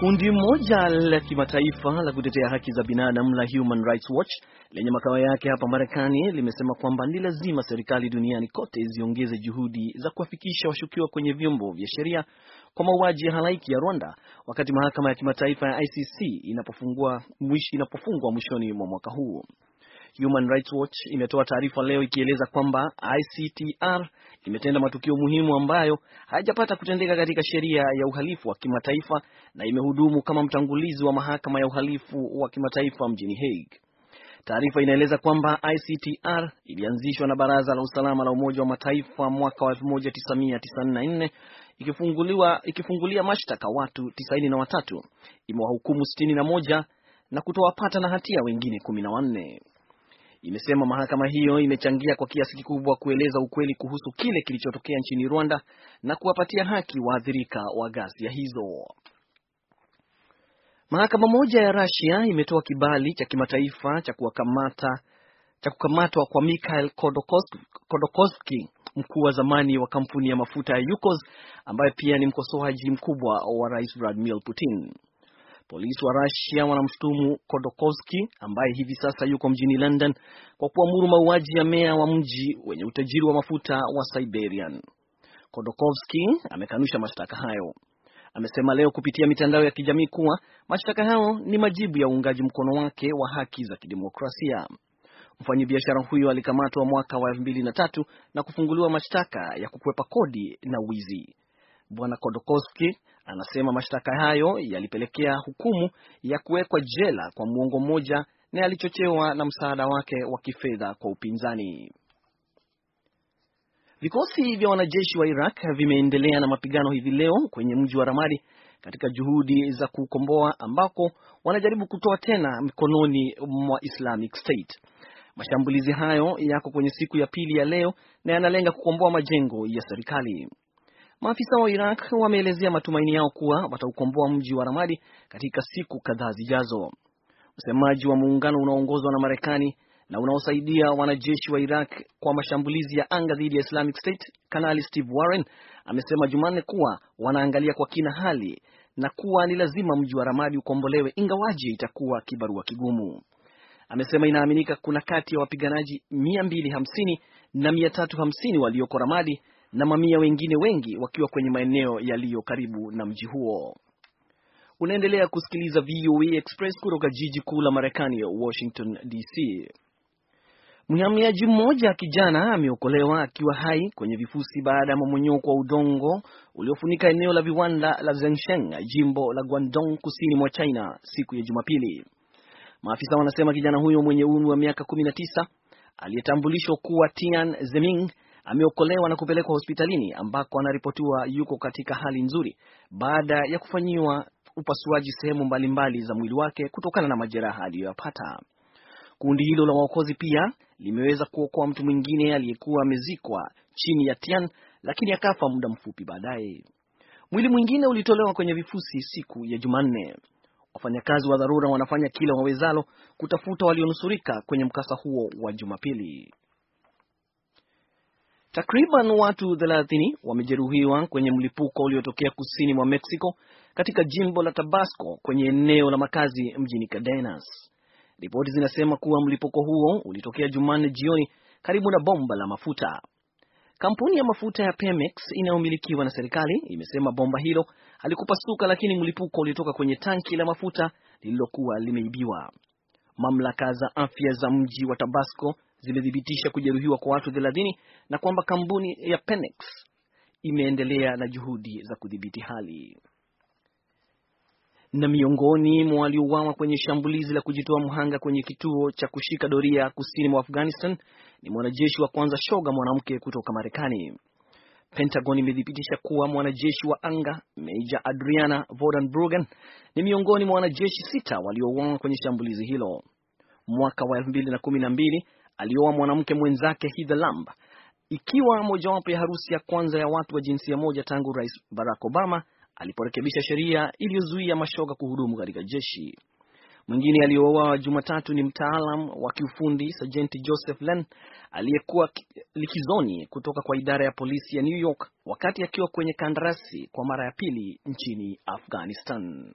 Kundi moja la kimataifa la kutetea haki za binadamu la Human Rights Watch lenye makao yake hapa Marekani limesema kwamba ni lazima serikali duniani kote ziongeze juhudi za kuwafikisha washukiwa kwenye vyombo vya sheria kwa mauaji ya halaiki ya Rwanda wakati mahakama ya kimataifa ya ICC inapofungwa mwishoni mwa mwaka huu. Human Rights Watch imetoa taarifa leo ikieleza kwamba ICTR imetenda matukio muhimu ambayo hayajapata kutendeka katika sheria ya uhalifu wa kimataifa na imehudumu kama mtangulizi wa mahakama ya uhalifu wa kimataifa mjini Hague. Taarifa inaeleza kwamba ICTR ilianzishwa na Baraza la Usalama la Umoja wa Mataifa mwaka wa 1994 ikifunguliwa ikifungulia mashtaka watu 93, imewahukumu 61 na kutowapata na hatia wengine 14 imesema mahakama hiyo imechangia kwa kiasi kikubwa kueleza ukweli kuhusu kile kilichotokea nchini Rwanda na kuwapatia haki waathirika wa ghasia hizo. Mahakama moja ya Russia imetoa kibali cha kimataifa cha kuwakamata cha kukamatwa kwa Mikhail Khodorkovsky, mkuu wa zamani wa kampuni ya mafuta ya Yukos ambaye pia ni mkosoaji mkubwa wa Rais Vladimir Putin. Polisi wa Russia wanamshutumu kodokowski ambaye hivi sasa yuko mjini London kwa kuamuru mauaji ya meya wa mji wenye utajiri wa mafuta wa Siberian. kodokowski amekanusha mashtaka hayo. Amesema leo kupitia mitandao ya kijamii kuwa mashtaka hayo ni majibu ya uungaji mkono wake wa haki za kidemokrasia. Mfanyabiashara huyo alikamatwa mwaka wa 2003 na kufunguliwa mashtaka ya kukwepa kodi na wizi. Bwana Kodokowski anasema mashtaka hayo yalipelekea hukumu ya kuwekwa jela kwa mwongo mmoja na yalichochewa na msaada wake wa kifedha kwa upinzani. Vikosi vya wanajeshi wa Iraq vimeendelea na mapigano hivi leo kwenye mji wa Ramadi katika juhudi za kukomboa ambako wanajaribu kutoa tena mikononi mwa Islamic State. Mashambulizi hayo yako kwenye siku ya pili ya leo na yanalenga kukomboa majengo ya serikali. Maafisa wa Iraq wameelezea matumaini yao kuwa wataukomboa mji wa Ramadi katika siku kadhaa zijazo. Msemaji wa muungano unaoongozwa na Marekani na unaosaidia wanajeshi wa Iraq kwa mashambulizi ya anga dhidi ya Islamic State, Kanali Steve Warren amesema Jumanne kuwa wanaangalia kwa kina hali na kuwa ni lazima mji wa Ramadi ukombolewe ingawaje itakuwa kibarua kigumu. Amesema inaaminika kuna kati ya wapiganaji 250 na 350 walioko Ramadi na mamia wengine wengi wakiwa kwenye maeneo yaliyo karibu na mji huo. Unaendelea kusikiliza VOA e Express kutoka jiji kuu la Marekani, Washington DC. Mhamiaji mmoja kijana ameokolewa akiwa hai kwenye vifusi baada ya mamonyoko wa udongo uliofunika eneo la viwanda la Zhengsheng, jimbo la Guangdong, kusini mwa China siku ya Jumapili. Maafisa wanasema kijana huyo mwenye umri wa miaka 19 aliyetambulishwa kuwa Tian Zeming ameokolewa na kupelekwa hospitalini ambako anaripotiwa yuko katika hali nzuri baada ya kufanyiwa upasuaji sehemu mbalimbali za mwili wake kutokana na majeraha aliyoyapata. Kundi hilo la waokozi pia limeweza kuokoa mtu mwingine aliyekuwa amezikwa chini ya Tian, lakini akafa muda mfupi baadaye. Mwili mwingine ulitolewa kwenye vifusi siku ya Jumanne. Wafanyakazi wa dharura wanafanya kila wawezalo kutafuta walionusurika kwenye mkasa huo wa Jumapili. Takriban watu 30 wamejeruhiwa kwenye mlipuko uliotokea kusini mwa Mexico katika jimbo la Tabasco kwenye eneo la makazi mjini Cadenas. Ripoti zinasema kuwa mlipuko huo ulitokea Jumanne jioni karibu na bomba la mafuta. Kampuni ya mafuta ya Pemex inayomilikiwa na serikali imesema bomba hilo halikupasuka, lakini mlipuko ulitoka kwenye tanki la mafuta lililokuwa limeibiwa. Mamlaka za afya za mji wa Tabasco zimethibitisha kujeruhiwa kwa watu 30 na kwamba kampuni ya Penex imeendelea na juhudi za kudhibiti hali. Na miongoni mwa waliouawa kwenye shambulizi la kujitoa mhanga kwenye kituo cha kushika doria kusini mwa Afghanistan ni mwanajeshi wa kwanza shoga mwanamke kutoka Marekani. Pentagon imethibitisha kuwa mwanajeshi wa anga Meja Adriana Vodenbruggen ni miongoni mwa wanajeshi sita waliouawa kwenye shambulizi hilo. Mwaka wa 2012 alioa mwanamke mwenzake Heather Lamb, ikiwa mojawapo ya harusi ya kwanza ya watu wa jinsia moja tangu Rais Barack Obama aliporekebisha sheria iliyozuia mashoga kuhudumu katika jeshi. Mwingine aliyouawa Jumatatu ni mtaalam wa kiufundi Sajenti Joseph Len aliyekuwa likizoni kutoka kwa idara ya polisi ya New York wakati akiwa kwenye kandarasi kwa mara ya pili nchini Afghanistan.